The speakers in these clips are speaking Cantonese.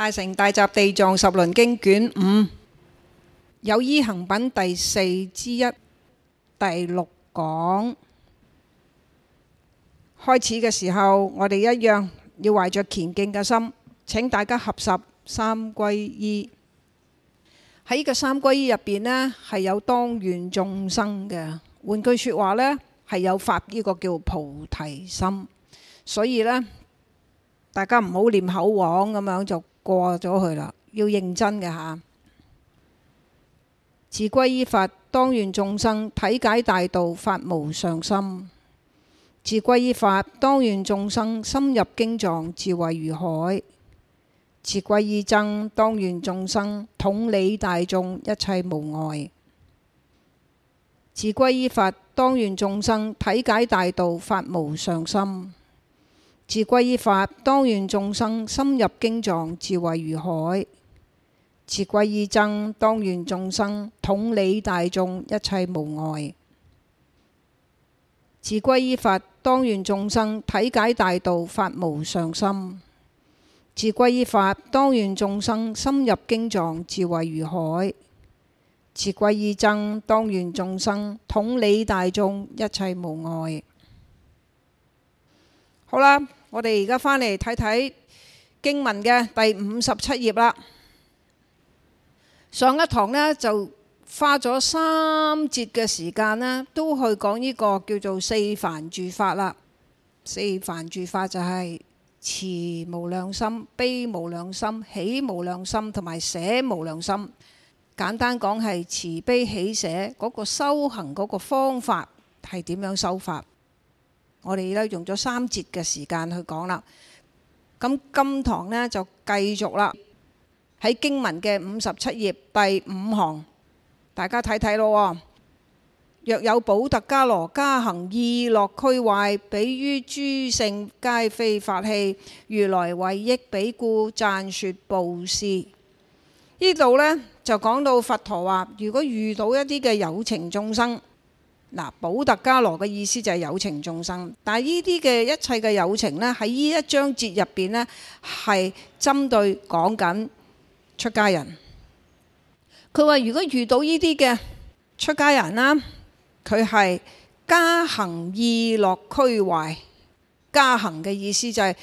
大乘大集地藏十輪經卷五，有依行品第四之一，第六講，開始嘅時候，我哋一樣要懷着虔敬嘅心，請大家合十三歸依。喺呢個三歸依入邊咧，係有當願眾生嘅。換句說話咧，係有發呢個叫菩提心。所以咧，大家唔好念口簧咁樣做。過咗去啦，要認真嘅吓。自歸依佛，當願眾生體解大道，發無上心；自歸依法，當願眾生深入經藏，智慧如海；自歸依僧，當願眾生統理大眾，一切無礙；自歸依佛，當願眾生體解大道，發無上心。自歸依法，當願眾生深入經藏，智慧如海；自歸依僧，當願眾生統理大眾，一切無礙。自歸依法，當願眾生體解大道，發無上心；自歸依法，當願眾生深入經藏，智慧如海；自歸依僧，當願眾生統理大眾，一切無礙。好啦。我哋而家返嚟睇睇經文嘅第五十七頁啦。上一堂呢，就花咗三節嘅時間呢，都去講呢個叫做四梵住法啦。四梵住法就係慈無量心、悲無量心、喜無量心同埋捨無量心。簡單講係慈悲喜捨嗰個修行嗰個方法係點樣修法。我哋呢用咗三節嘅時間去講啦，咁今堂呢，就繼續啦，喺經文嘅五十七頁第五行，大家睇睇咯。若有補特伽羅加行意樂俱壞，彼於諸乘皆非法器，如來為益彼故讚説布施。呢度呢，就講到佛陀話，如果遇到一啲嘅有情眾生。嗱，補特伽羅嘅意思就係有情眾生，但係呢啲嘅一切嘅有情呢，喺呢一章節入邊呢，係針對講緊出家人。佢話如果遇到呢啲嘅出家人啦，佢係加行意樂俱壞，加行嘅意思就係、是。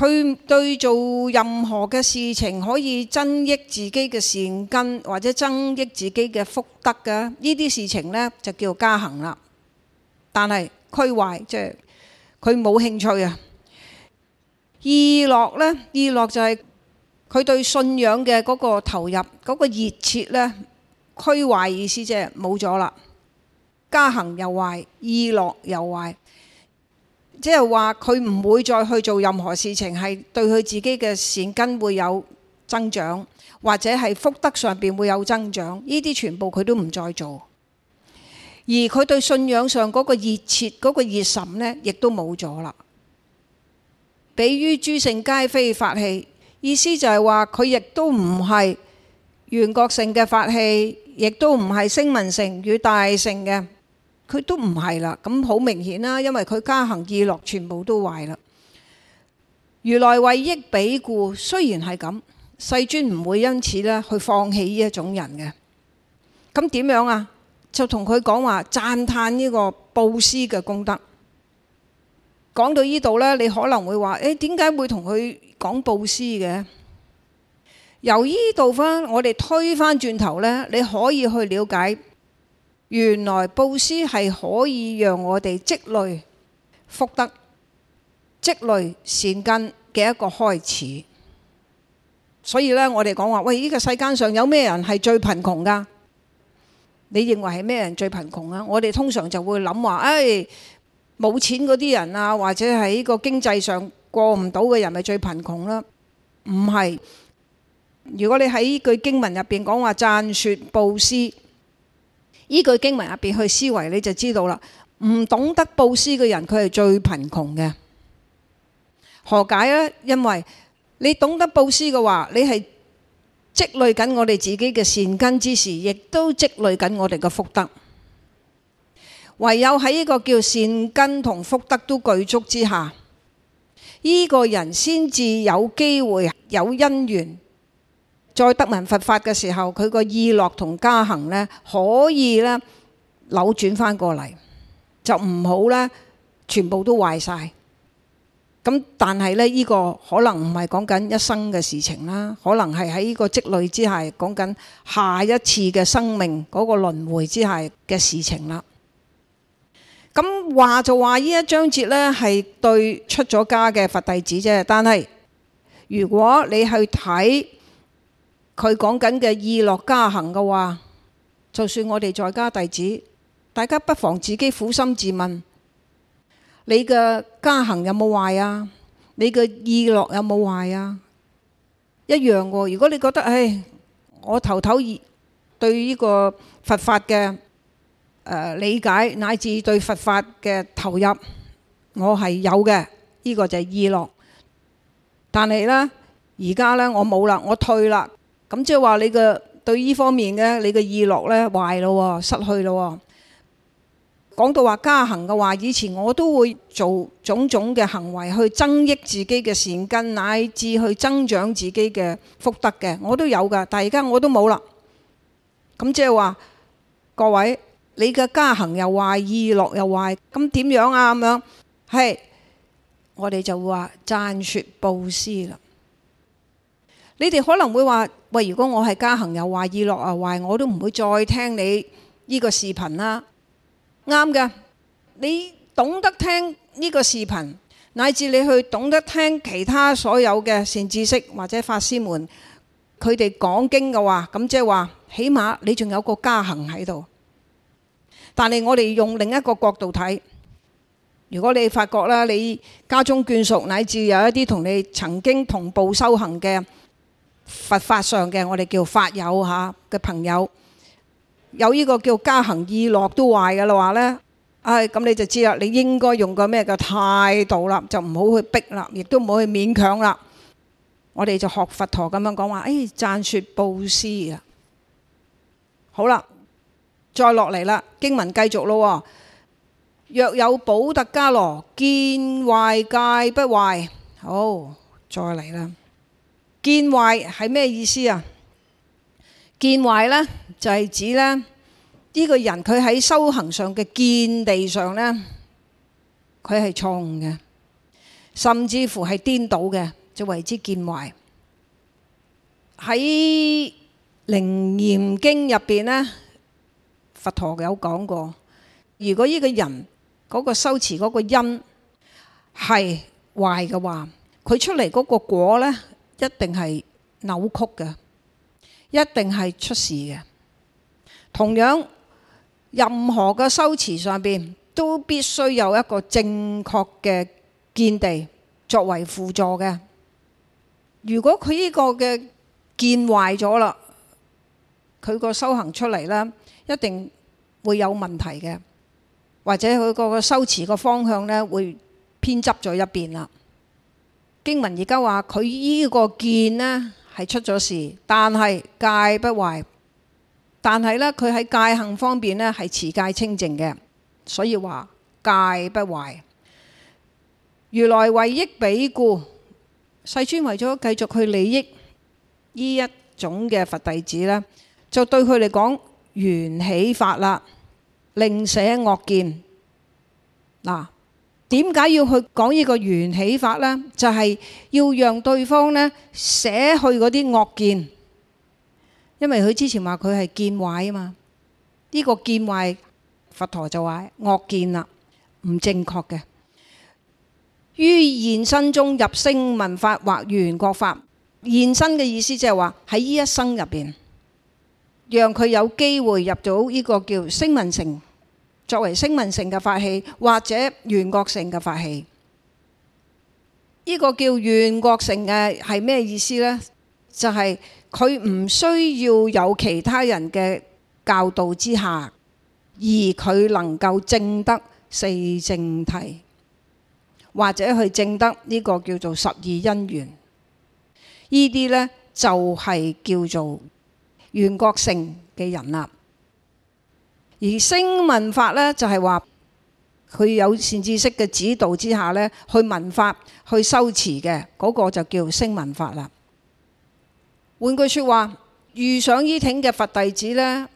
佢對做任何嘅事情可以增益自己嘅善根，或者增益自己嘅福德嘅，呢啲事情呢，就叫加行啦。但係俱壞即係佢冇興趣啊！意樂」呢，「意樂」就係佢對信仰嘅嗰個投入、嗰、嗰個熱切呢。「俱壞意思即係冇咗啦。加行又壞，意樂又壞。即係話佢唔會再去做任何事情，係對佢自己嘅善根會有增長，或者係福德上邊會有增長。呢啲全部佢都唔再做，而佢對信仰上嗰個熱切、嗰、嗰個熱忱呢，亦都冇咗啦。彼於諸乘皆非法器，意思就係話佢亦都唔係緣覺乘嘅法器，亦都唔係聲聞乘與大乘嘅。佢都唔係啦，咁好明顯啦，因為佢加行意樂全部都壞啦。如來為益彼故，雖然係咁，世尊唔會因此咧去放棄呢一種人嘅。咁點樣啊？就同佢講話讚歎呢個布施嘅功德。講到呢度呢，你可能會話，誒點解會同佢講布施嘅？由呢度返，我哋推返轉頭呢，你可以去了解。原來，依句經文入邊去思維，你就知道啦。唔懂得布施嘅人，佢係最貧窮嘅。何解咧？因為你懂得布施嘅話，你係積累緊我哋自己嘅善根之時，亦都積累緊我哋嘅福德。唯有喺呢個叫善根同福德都具足之下，呢個人先至有機會有因緣。再得聞佛法嘅時候，佢個意樂同加行呢，可以呢扭轉翻過嚟，就唔好呢全部都壞晒。咁但係呢，呢個可能唔係講緊一生嘅事情啦，可能係喺呢個積累之下，講緊下一次嘅生命嗰個輪迴之下嘅事情啦。咁話就話呢一章節呢係對出咗家嘅佛弟子啫，但係如果你去睇。佢講緊嘅意樂加行嘅話，就算我哋在家弟子，大家不妨自己苦心自問：你嘅加行有冇壞啊？你嘅意樂有冇壞啊？一樣喎。如果你覺得唉，我頭頭對呢個佛法嘅理解，乃至對佛法嘅投入，我係有嘅，呢、呢個就係意樂。但係呢，而家呢，我冇啦，我退啦。咁即係話你嘅對呢方面呢，你嘅意樂呢，壞咯，失去咯。講到話加行嘅話，以前我都會做種種嘅行為去增益自己嘅善根，乃至去增長自己嘅福德嘅，我都有噶。但係而家我都冇啦。咁即係話各位，你嘅加行又壞，意樂又壞，咁點樣啊？咁樣係，我哋就話讚說布施啦。你哋可能會話：喂，如果我係加行又話意樂啊，壞，我都唔會再聽你呢個視頻啦。啱㗎，你懂得聽呢個視頻，乃至你去懂得聽其他所有嘅善知識或者法師們佢哋講經嘅話，咁即係話，起碼你仲有個加行喺度。但係我哋用另一個角度睇，如果你發覺啦，你家中眷屬乃至有一啲同你曾經同步修行嘅，佛法上嘅，我哋叫法友吓嘅朋友，有呢個叫家行加行意樂都壞嘅啦話呢。唉、哎、咁你就知啦，你應該用個咩嘅態度啦，就唔好去逼啦，亦都唔好去勉強啦。我哋就學佛陀咁樣講話，誒讚説布施啊！好啦，再落嚟啦，經文繼續咯。若有補特伽羅見壞戒不壞，好再嚟啦。見壞係咩意思啊？見壞呢就係指呢呢個人佢喺修行上嘅見地上呢，佢係錯誤嘅，甚至乎係顛倒嘅，就為之見壞。喺《楞嚴經》入邊呢，佛陀有講過，如果呢個人嗰個修持嗰個因係壞嘅話，佢出嚟嗰個果呢。一定係扭曲嘅，一定係出事嘅。同樣，任何嘅修持上邊都必須有一個正確嘅見地作為輔助嘅。如果佢呢個嘅見壞咗啦，佢個修行出嚟呢，一定會有問題嘅，或者佢個修持個方向呢，會偏執咗一邊啦。經文而家話佢依個見呢係出咗事，但係戒不壞。但係呢，佢喺戒行方面呢係持戒清淨嘅，所以話戒不壞。如來為益彼故，世尊為咗繼續去利益呢一種嘅佛弟子呢，就對佢嚟講緣起法啦，令捨惡見嗱。點解要去講呢個緣起法呢？就係要讓對方呢捨去嗰啲惡見，因為佢之前話佢係見壞啊嘛。呢個見壞，佛陀就話惡見啦，唔正確嘅。於現身中入聲聞法或緣覺法，現身嘅意思即係話喺呢一生入邊，讓佢有機會入到呢個叫聲聞乘。作為聲聞性嘅法器或者緣覺性嘅法器，呢、這個叫緣覺性嘅係咩意思呢？就係佢唔需要有其他人嘅教導之下，而佢能夠證得四正諦，或者去證得呢個叫做十二因緣。呢啲呢，就係叫做緣覺性嘅人啦。而聲聞法呢，就係話佢有善知識嘅指導之下呢，去聞法、去修持嘅嗰，那個就叫聲聞法啦。換句説話，遇上依挺嘅佛弟子呢，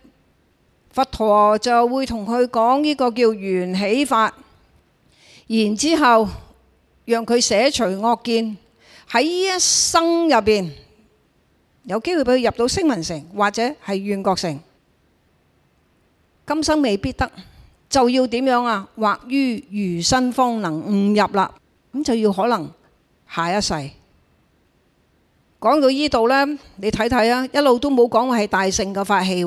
佛陀就會同佢講呢個叫緣起法，然之後讓佢消除惡見，喺依一生入邊有機會俾佢入到聲聞乘或者係緣覺乘。今生未必得，就要點樣啊？或於餘身方能悟入啦。咁就要可能下一世。講到呢度咧，你睇睇啊，一路都冇講係大乘嘅法器，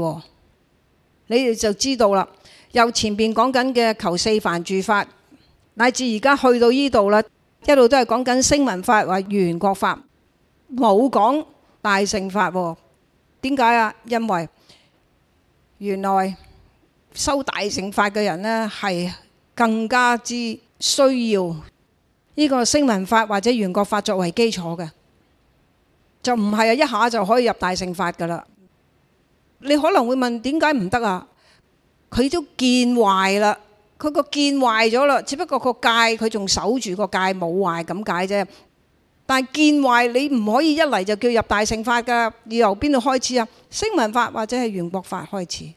你哋就知道啦。由前邊講緊嘅求四凡住法，乃至而家去到呢度啦，一路都係講緊聲聞法或緣覺法，冇講大乘法喎。點解啊？因為原來，修大乘法嘅人呢，係更加之需要呢個聲聞法或者緣覺法作為基礎嘅，就唔係啊，一下就可以入大乘法噶啦。你可能會問點解唔得啊？佢都見壞啦，佢個見壞咗啦，只不過個戒佢仲守住，那個戒冇壞咁解啫。但係見壞你唔可以一嚟就叫入大乘法噶，要由邊度開始啊？聲聞法或者係緣覺法開始。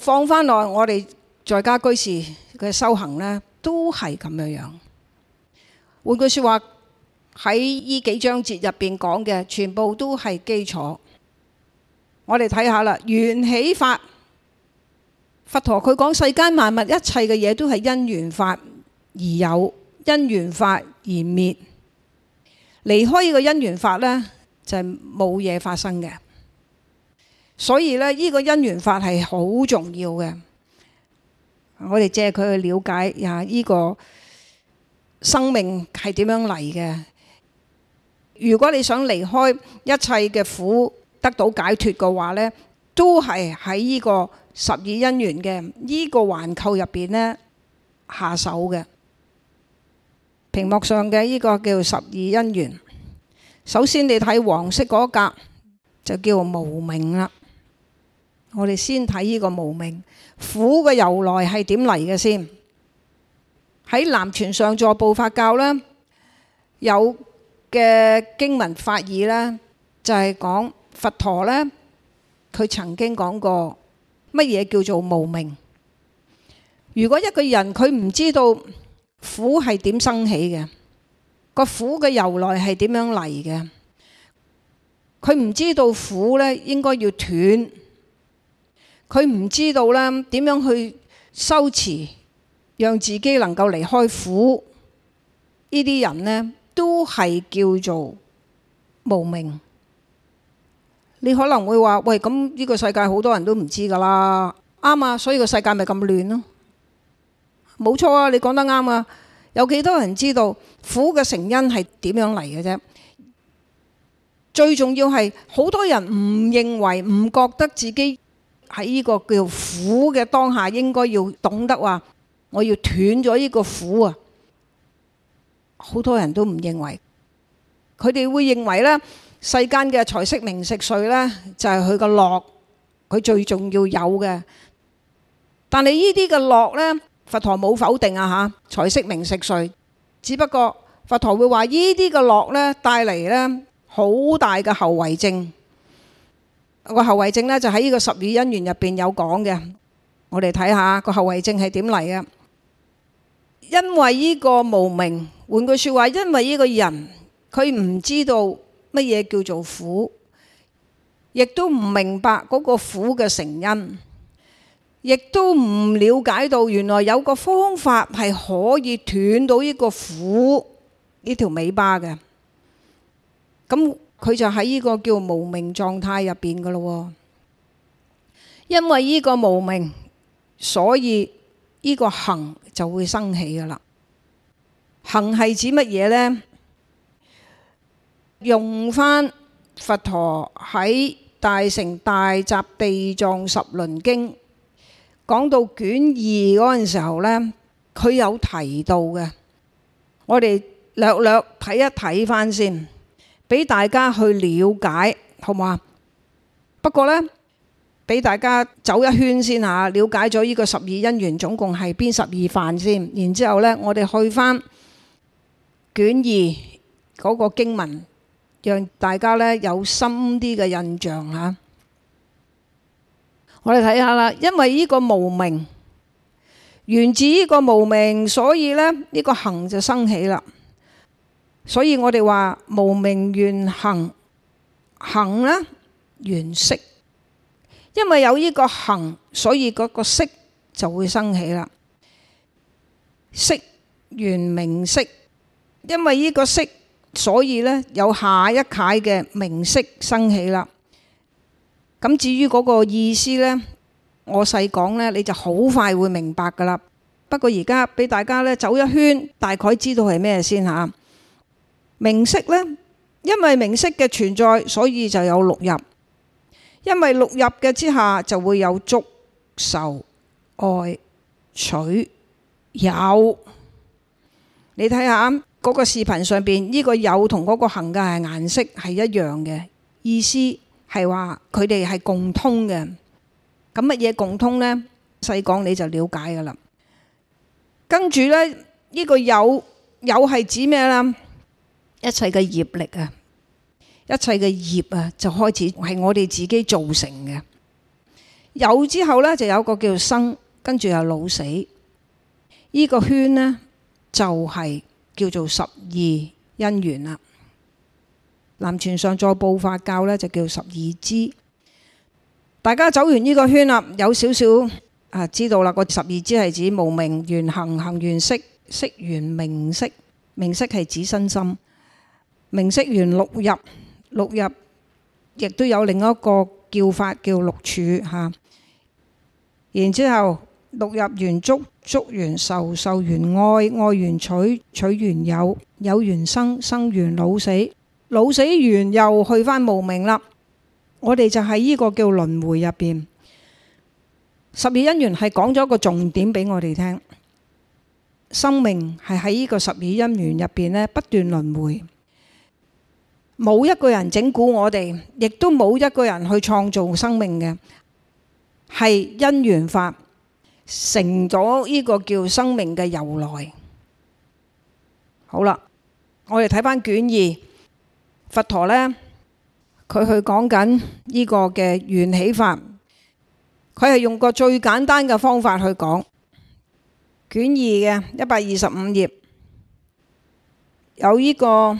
放返落我哋在家居士嘅修行咧，都係咁樣樣。換句說話，喺呢幾章節入邊講嘅，全部都係基礎。我哋睇下啦，緣起法，佛陀佢講世間萬物一切嘅嘢都係因緣法而有，因緣法而滅。離開呢個因緣法咧，就係冇嘢發生嘅。所以咧，呢、這個因緣法係好重要嘅。我哋借佢去了解下呢、這個生命係點樣嚟嘅？如果你想離開一切嘅苦，得到解脫嘅話咧，都係喺呢個十二因緣嘅呢個環扣入邊咧下手嘅。屏幕上嘅呢個叫十二因緣。首先你睇黃色嗰格就叫做無明啦。我哋先睇呢個無明苦嘅由來係點嚟嘅先。喺南傳上座部法教咧，有嘅經文法義咧，就係講佛陀咧，佢曾經講過乜嘢叫做無明。如果一個人佢唔知道苦係點生起嘅，個苦嘅由來係點樣嚟嘅，佢唔知道苦咧應該要斷。佢唔知道呢點樣去修持，讓自己能夠離開苦。呢啲人呢，都係叫做無明。你可能會話：喂，咁呢個世界好多人都唔知噶啦，啱啊！所以個世界咪咁亂咯。冇錯啊，你講得啱啊。有幾多人知道苦嘅成因係點樣嚟嘅啫？最重要係好多人唔認為、唔覺得自己。喺呢個叫苦嘅當下，應該要懂得話，我要斷咗呢個苦啊！好多人都唔認為，佢哋會認為呢世間嘅財色名食睡呢，就係佢個樂，佢最重要有嘅。但係呢啲嘅樂呢，佛陀冇否定啊嚇，財色名食睡，只不過佛陀會話呢啲嘅樂呢，帶嚟呢好大嘅後遺症。個後遺症咧，就喺呢個十二因緣入邊有講嘅，我哋睇下個後遺症係點嚟嘅。因為呢個無明，換句說話，因為呢個人佢唔知道乜嘢叫做苦，亦都唔明白嗰個苦嘅成因，亦都唔了解到原來有個方法係可以斷到呢個苦呢條尾巴嘅。咁佢就喺呢個叫無明狀態入邊噶咯，因為呢個無明，所以呢個行就會生起噶啦。行係指乜嘢咧？用返佛陀喺大乘大集地藏十輪經講到卷二嗰陣時候咧，佢有提到嘅。我哋略略睇一睇返先。俾大家去了解，好唔好啊？不過咧，俾大家走一圈先吓，了解咗呢個十二因緣，總共係邊十二範先。然之後咧，我哋去翻卷二嗰個經文，讓大家咧，有深啲嘅印象吓。我哋睇下啦，因為呢個無明源自呢個無明，所以咧，呢個行就生起啦。所以我哋話無明緣行行啦，緣識，因為有呢個行，所以嗰個識就會生起啦。識，緣名色，因為呢個識，所以呢，有下一屆嘅名色生起啦。咁至於嗰個意思呢，我細講呢，你就好快會明白噶啦。不過而家俾大家呢，走一圈，大概知道係咩先嚇。名色呢？因為名色嘅存在，所以就有六入。因為六入嘅之下，就會有觸受愛取有。你睇下嗰個視頻上邊呢，這個有同嗰個行嘅係顏色係一樣嘅意思，係話佢哋係共通嘅。咁乜嘢共通呢？細講你就了解㗎喇。跟住呢，呢、這個有有係指咩呢？一切嘅業力啊，一切嘅業啊，就開始係我哋自己造成嘅。有之後呢，就有個叫生，跟住又老死。呢個圈呢，就係叫做十二因緣啦。南傳上座部佛教呢，就叫十二支。大家走完呢個圈啦，有少少啊知道啦。個十二支係指無明、緣行、行緣識、識緣名色、名色，係指身心。名色緣六入，六入亦都有另一個叫法叫六處吓。然之後六入緣觸，觸緣受，受緣愛，愛緣取，取緣有，有緣生，生緣老死，老死緣又去翻無明啦。我哋就喺呢個叫輪迴入邊。十二因緣係講咗個重點俾我哋聽，生命係喺呢個十二因緣入邊咧不斷輪迴。冇一個人整蠱我哋，亦都冇一個人去創造生命嘅，係因緣法成咗呢個叫生命嘅由來。好啦，我哋睇翻卷二，佛陀呢，佢去講緊呢個嘅緣起法，佢係用個最簡單嘅方法去講，卷二嘅一百二十五頁有呢個。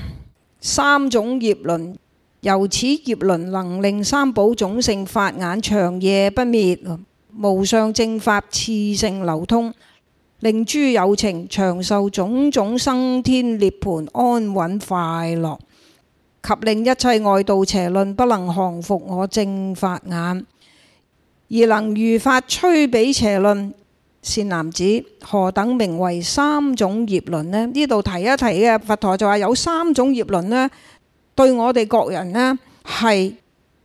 三種業輪，由此業輪能令三寶種性法眼長夜不滅，無上正法次性流通，令諸有情長壽種種生天涅盤安穩快樂，及令一切外道邪論不能降伏我正法眼，而能如法摧彼邪論。善男子，何等名為三種業輪呢？呢度提一提嘅，佛陀就話有三種業輪呢，對我哋各人呢係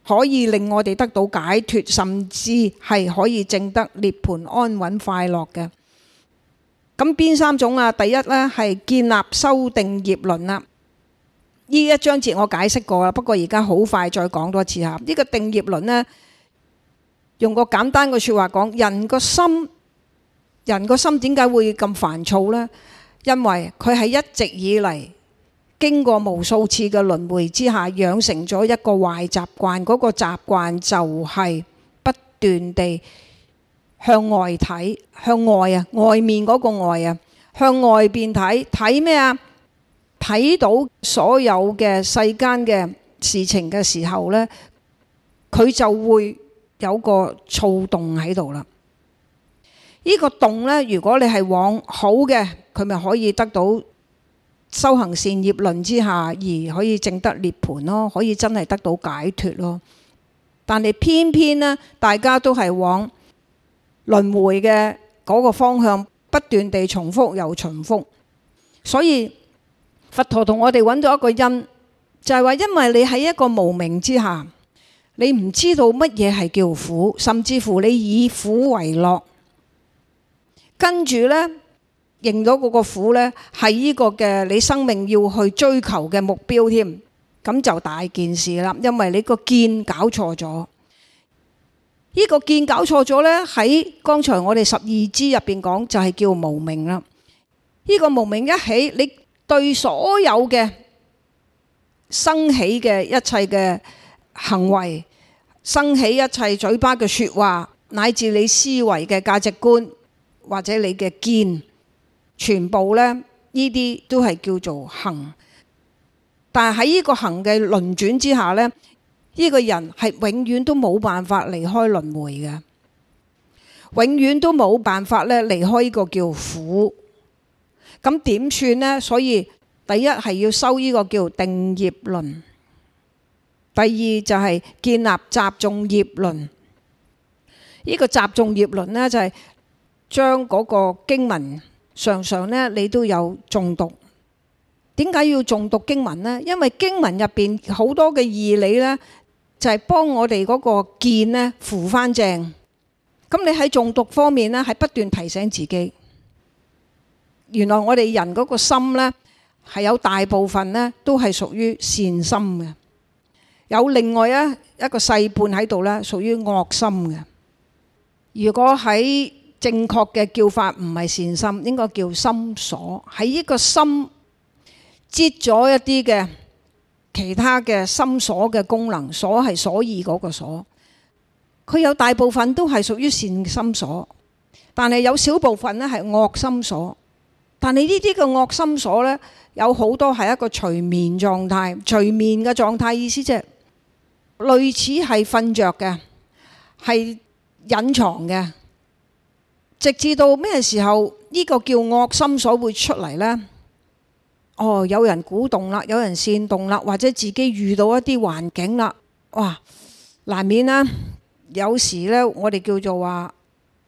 可以令我哋得到解脫，甚至係可以證得涅槃安穩快樂嘅。咁邊三種啊？第一呢係建立修定業輪啦。呢一章節我解釋過啦，不過而家好快再講多次吓。呢個定業輪呢，用個簡單嘅說話講，人個心。人的心為什麼會這麼煩躁呢？因為他是一直以來經過無數次的輪迴之下養成了一個壞習慣，那個習慣就是不斷地向外看，向外，外面那個外，向外面看，看什麼？看到所有的世間的事情的時候，他就會有個躁動在這裏。呢個洞咧，如果你係往好嘅，佢咪可以得到修行善業輪之下而可以正得涅槃咯，可以真係得到解脱咯。但係偏偏呢，大家都係往輪迴嘅嗰個方向不斷地重複又重複，所以佛陀同我哋揾咗一個因，就係話因為你喺一個無明之下，你唔知道乜嘢係叫苦，甚至乎你以苦為樂。跟住呢，認咗嗰個苦呢，係呢個嘅你生命要去追求嘅目標添，咁就大件事啦。因為你個見搞錯咗，呢個見搞錯咗呢，喺剛才我哋十二支入邊講，就係叫無明啦。呢個無明一起，你對所有嘅生起嘅一切嘅行為，生起一切嘴巴嘅説話，乃至你思維嘅價值觀。或者你嘅見，全部咧呢啲都係叫做行，但係喺呢個行嘅輪轉之下咧，呢、這個人係永遠都冇辦法離開輪迴嘅，永遠都冇辦法咧離開呢個叫苦。咁點算呢？所以第一係要收呢個叫定業輪，第二就係建立集眾業輪。呢、這個集眾業輪呢，就係、是。將嗰個經文常常咧，你都有重讀。點解要重讀經文咧？因為經文入邊好多嘅義理咧，就係幫我哋嗰個見咧扶翻正。咁你喺重讀方面咧，係不斷提醒自己，原來我哋人嗰個心咧係有大部分咧都係屬於善心嘅，有另外一一個細半喺度咧屬於惡心嘅。如果喺正確嘅叫法唔係善心，應該叫心所。喺呢個心接咗一啲嘅其他嘅心所嘅功能，所係所以嗰個所。佢有大部分都係屬於善心所，但係有少部分咧係惡心所。但係呢啲嘅惡心所呢有好多係一個隨眠狀態，隨眠嘅狀態意思即係類似係瞓着嘅，係隱藏嘅。直至到咩時候呢個叫惡心所會出嚟呢？哦，有人鼓動啦，有人煽動啦，或者自己遇到一啲環境啦，哇，難免啦。有時呢，我哋叫做話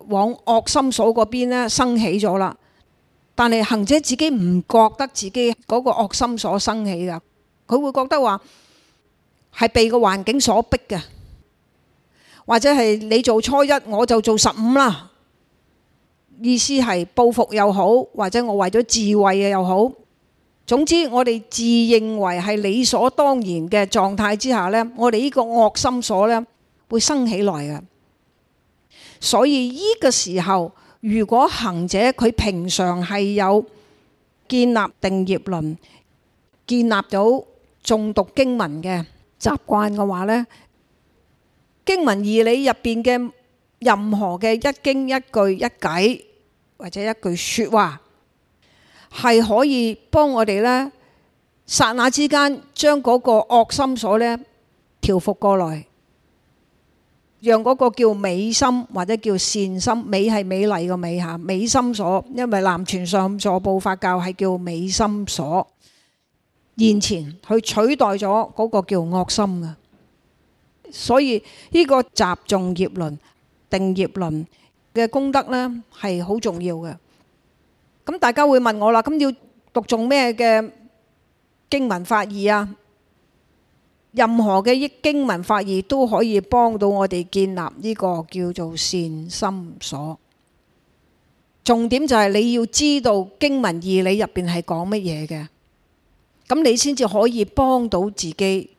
往惡心所嗰邊呢生起咗啦。但係行者自己唔覺得自己嗰個惡心所生起噶，佢會覺得話係被個環境所逼嘅，或者係你做初一，我就做十五啦。意思係報復又好，或者我為咗自衛嘅又好。總之，我哋自認為係理所當然嘅狀態之下咧，我哋依個惡心所咧會生起來嘅。所以依個時候，如果行者佢平常係有建立定業論、建立到誦讀經文嘅習慣嘅話咧，經文義理入邊嘅任何嘅一經一句一偈。或者一句説話，係可以幫我哋呢，剎那之間將嗰個惡心所呢調伏過來，讓嗰個叫美心或者叫善心，美係美麗個美嚇，美心所。因為南傳上座部法教係叫美心所，現前去取代咗嗰個叫惡心嘅。所以呢個集眾業論、定業論。嘅功德呢，係好重要嘅。咁大家會問我啦，咁要讀誦咩嘅經文法義啊？任何嘅經文法義都可以幫到我哋建立呢個叫做善心所。重點就係你要知道經文義理入邊係講乜嘢嘅，咁你先至可以幫到自己。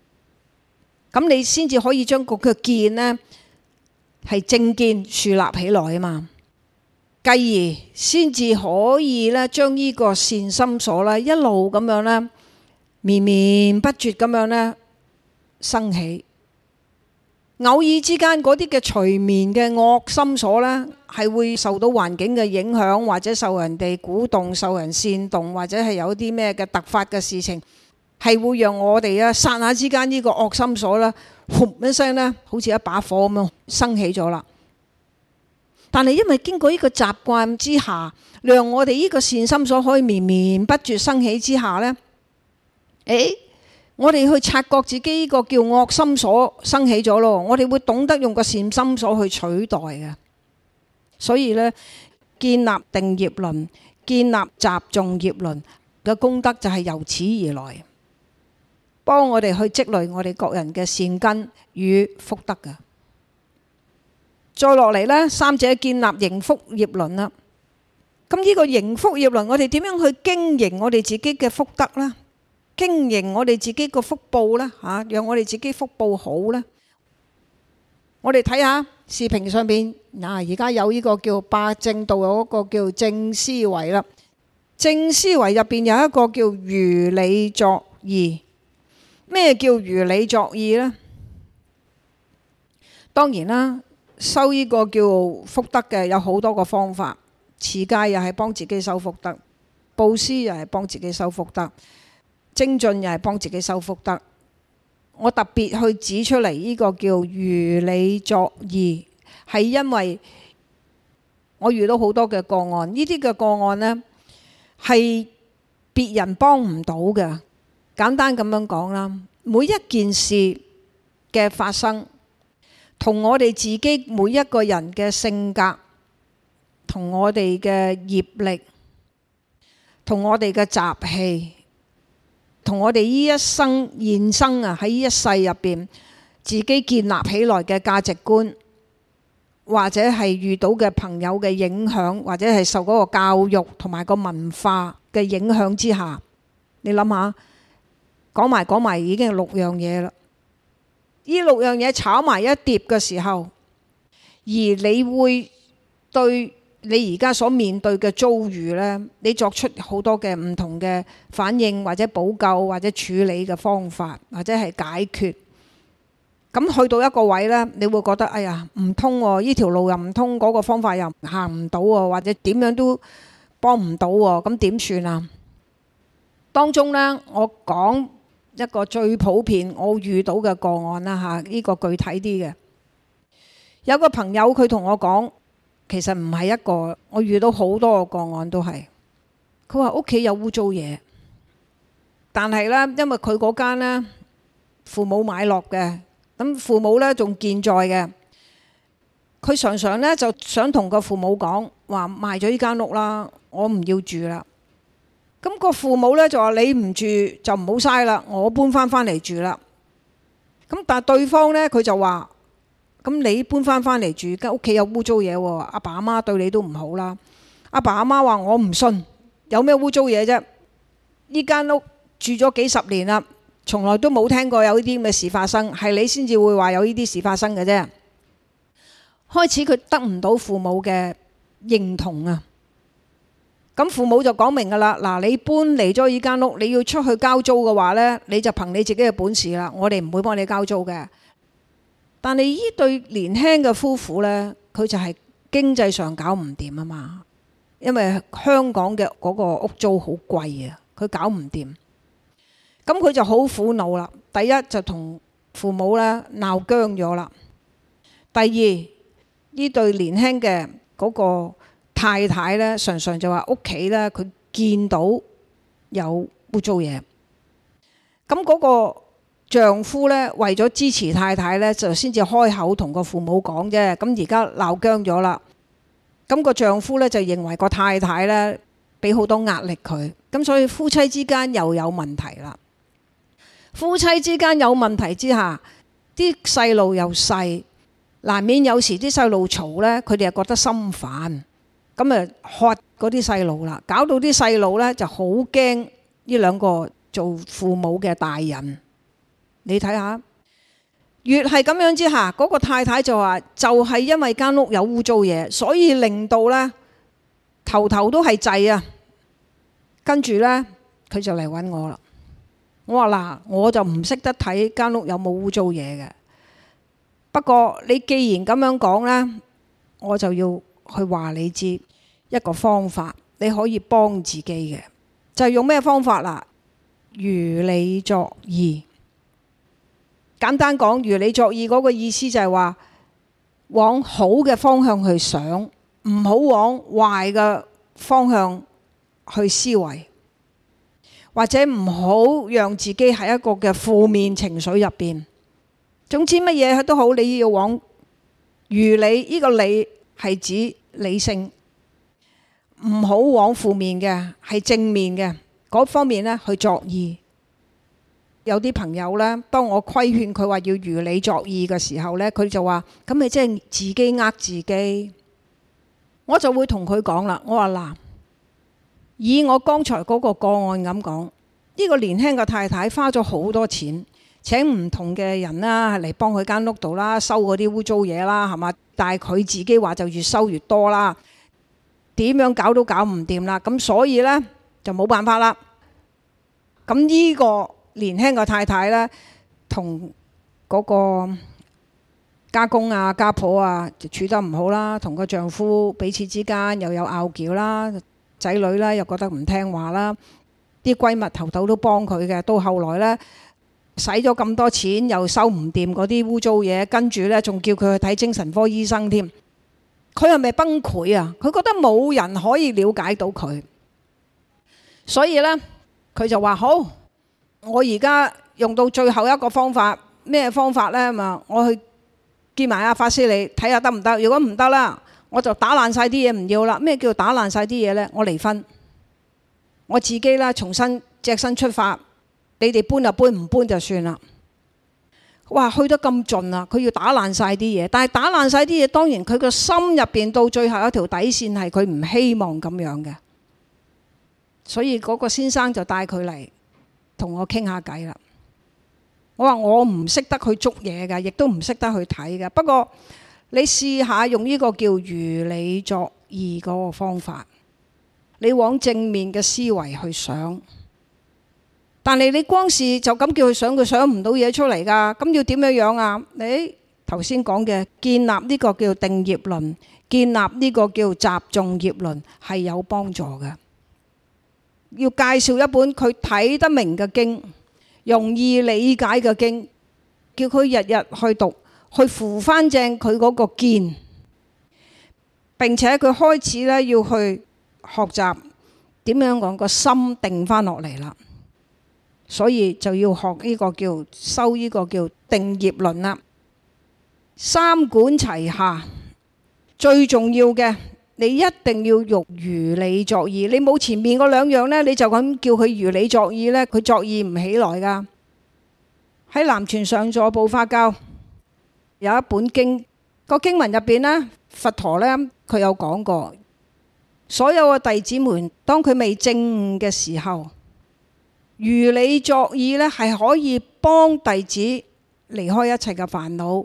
咁你先至可以將個嘅見呢。係正見樹立起來啊嘛，繼而先至可以咧將呢個善心所咧一路咁樣咧綿綿不絕咁樣咧生起。偶爾之間嗰啲嘅隨眠嘅惡心所咧，係會受到環境嘅影響，或者受人哋鼓動、受人煽動，或者係有啲咩嘅突發嘅事情，係會讓我哋啊剎那之間呢個惡心所咧。嘭一聲呢，好似一把火咁樣升起咗啦。但係因為經過呢個習慣之下，讓我哋呢個善心所可以綿綿不絕升起之下呢，誒、哎，我哋去察覺自己呢個叫惡心所升起咗咯。我哋會懂得用個善心所去取代嘅，所以呢，建立定業論、建立集眾業論嘅功德就係由此而來。幫我哋去積累我哋各人嘅善根與福德噶。再落嚟咧，三者建立營福業輪啦。咁呢個營福業輪，我哋點樣去經營我哋自己嘅福德咧？經營我哋自己個福報咧？吓，讓我哋自己福報好咧。我哋睇下視頻上邊嗱，而家有呢個叫八正道，有個叫正思維啦。正思維入邊有一個叫如理作義。咩叫如理作意呢？當然啦，修呢個叫福德嘅有好多個方法，持戒又係幫自己修福德，布施又係幫自己修福德，精進又係幫自己修福德。我特別去指出嚟呢個叫如理作意，係因為我遇到好多嘅個案，呢啲嘅個案呢，係別人幫唔到嘅。簡單咁樣講啦，每一件事嘅發生，同我哋自己每一個人嘅性格，同我哋嘅業力，同我哋嘅習氣，同我哋呢一生現生啊，喺呢一世入邊自己建立起來嘅價值觀，或者係遇到嘅朋友嘅影響，或者係受嗰個教育同埋個文化嘅影響之下，你諗下。講埋講埋已經係六樣嘢啦，呢六樣嘢炒埋一碟嘅時候，而你會對你而家所面對嘅遭遇呢，你作出好多嘅唔同嘅反應、或者補救、或者處理嘅方法或者係解決。咁去到一個位呢，你會覺得哎呀，唔通呢條路又唔通，嗰個方法又行唔到啊，或者點樣都幫唔到啊，咁點算啊？當中呢，我講。一個最普遍我遇到嘅個案啦嚇，呢個具體啲嘅，有個朋友佢同我講，其實唔係一個，我遇到好多個個案都係。佢話屋企有污糟嘢，但係呢，因為佢嗰間呢父母買落嘅，咁父母呢仲健在嘅，佢常常呢就想同個父母講話賣咗呢間屋啦，我唔要住啦。咁個父母咧就話你唔住就唔好嘥啦，我搬返返嚟住啦。咁但係對方呢，佢就話：咁你搬返返嚟住，間屋企有污糟嘢喎，阿爸阿媽對你都唔好啦。阿爸阿媽話我唔信，有咩污糟嘢啫？呢間屋住咗幾十年啦，從來都冇聽過有呢啲咁嘅事發生，係你先至會話有呢啲事發生嘅啫。開始佢得唔到父母嘅認同啊！咁父母就講明㗎啦，嗱，你搬嚟咗依間屋，你要出去交租嘅話咧，你就憑你自己嘅本事啦，我哋唔會幫你交租嘅。但係呢對年輕嘅夫婦咧，佢就係經濟上搞唔掂啊嘛，因為香港嘅嗰個屋租好貴啊，佢搞唔掂。咁佢就好苦惱啦，第一就同父母咧鬧僵咗啦，第二呢對年輕嘅嗰個。太太咧，常常就話屋企咧，佢見到有污糟嘢。咁嗰個丈夫咧，為咗支持太太咧，就先至開口同個父母講啫。咁而家鬧僵咗啦。咁個丈夫咧就認為個太太咧俾好多壓力佢，咁所以夫妻之間又有問題啦。夫妻之間有問題之下，啲細路又細，難免有時啲細路嘈咧，佢哋又覺得心煩。咁啊，喝嗰啲細路啦，搞到啲細路呢就好驚呢兩個做父母嘅大人。你睇下，越係咁樣之下，嗰個太太就話，就係因為間屋有污糟嘢，所以令到呢頭頭都係滯啊。跟住呢，佢就嚟搵我啦。我話嗱，我就唔識得睇間屋有冇污糟嘢嘅。不過你既然咁樣講呢，我就要去話你知。一個方法你可以幫自己嘅就係、用咩方法啦？如理作意。簡單講，如理作意嗰個意思就係話往好嘅方向去想，唔好往壞嘅方向去思維，或者唔好讓自己喺一個嘅負面情緒入邊。總之乜嘢都好，你要往如理。呢、這個理」係指理性。唔好往負面嘅，係正面嘅嗰方面呢，去作意。有啲朋友呢，當我規勸佢話要如理作意嘅時候呢，佢就話：咁你即係自己呃自己。我就會同佢講啦，我話嗱，以我剛才嗰個個案咁講，呢個年輕嘅太太花咗好多錢請唔同嘅人啦嚟幫佢間屋度啦收嗰啲污糟嘢啦，係嘛？但係佢自己話就越收越多啦。點樣搞都搞唔掂啦，咁，所以呢就冇辦法啦。咁呢個年輕個太太呢，同嗰個家公啊，家婆啊，就處得唔好啦，同個丈夫彼此之間又有拗撬啦，仔女呢又覺得唔聽話啦，啲閨蜜頭頭都幫佢嘅，到後來呢，使咗咁多錢又收唔掂嗰啲污糟嘢，跟住呢，仲叫佢去睇精神科醫生添。佢係咪崩潰啊？佢覺得冇人可以了解到佢，所以呢，佢就話：好，我而家用到最後一個方法，咩方法呢？咁我去見埋阿法師，你睇下得唔得？如果唔得啦，我就打爛晒啲嘢，唔要啦。咩叫打爛晒啲嘢呢？我離婚，我自己啦，重新隻身出發。你哋搬就搬，唔搬，搬就算啦。哇，去得咁盡啦！佢要打爛晒啲嘢，但係打爛晒啲嘢，當然佢個心入邊到最後一條底線係佢唔希望咁樣嘅。所以嗰個先生就帶佢嚟同我傾下偈啦。我話我唔識得去捉嘢㗎，亦都唔識得去睇㗎。不過你試下用呢個叫如理作意嗰個方法，你往正面嘅思維去想。但係你光是就咁叫佢想，佢想唔到嘢出嚟噶。咁要點樣樣啊？你頭先講嘅建立呢個叫定業論，建立呢個叫集眾業論，係有幫助嘅。要介紹一本佢睇得明嘅經，容易理解嘅經，叫佢日日去讀，去扶翻正佢嗰個見。並且佢開始咧要去學習點樣講個心定翻落嚟啦。所以就要學呢個叫修呢個叫定業論啦，三管齊下，最重要嘅你一定要用如理作意。你冇前面嗰兩樣咧，你就咁叫佢如理作意呢，佢作意唔起來噶。喺南傳上座部佛教有一本經，那個經文入邊呢，佛陀呢，佢有講過，所有嘅弟子們當佢未證悟嘅時候。如理作意呢，係可以幫弟子離開一切嘅煩惱，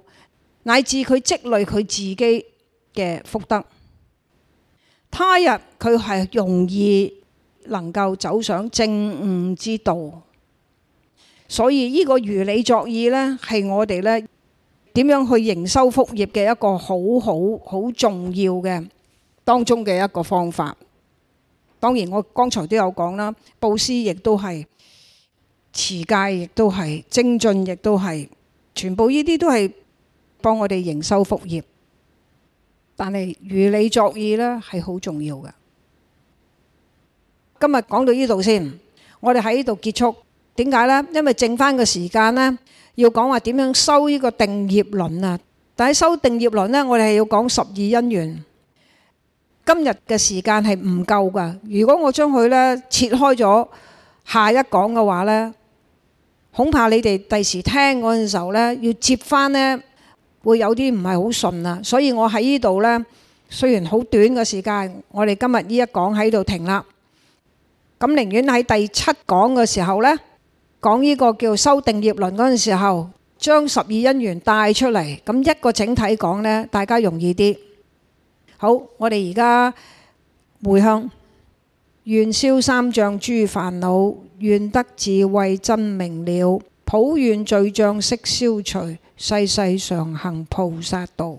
乃至佢積累佢自己嘅福德。他日佢係容易能夠走上正悟之道。所以呢個如理作意呢，係我哋呢點樣去營收福業嘅一個好好好重要嘅當中嘅一個方法。當然我剛才都有講啦，布施亦都係。持戒亦都係精進，亦都係，全部呢啲都係幫我哋營修福業。但係如理作意咧，係好重要噶今日講到呢度先，我哋喺呢度結束。點解咧？因為剩翻個時間咧，要講話點樣修呢個定業論啊！但係修定業論咧，我哋係要講十二因緣。今日嘅時間係唔夠噶如果我將佢咧切開咗下一講嘅話咧。恐怕你哋第時聽嗰陣時候呢，要接翻呢會有啲唔係好順啊。所以我喺呢度呢，雖然好短嘅時間，我哋今日呢一講喺度停啦。咁寧願喺第七講嘅時候呢，講呢個叫修定業論嗰陣時候，將十二因緣帶出嚟，咁一個整體講呢，大家容易啲。好，我哋而家回向，願消三障諸煩惱。願得智慧真明了，普願罪障悉消除，世世常行菩薩道。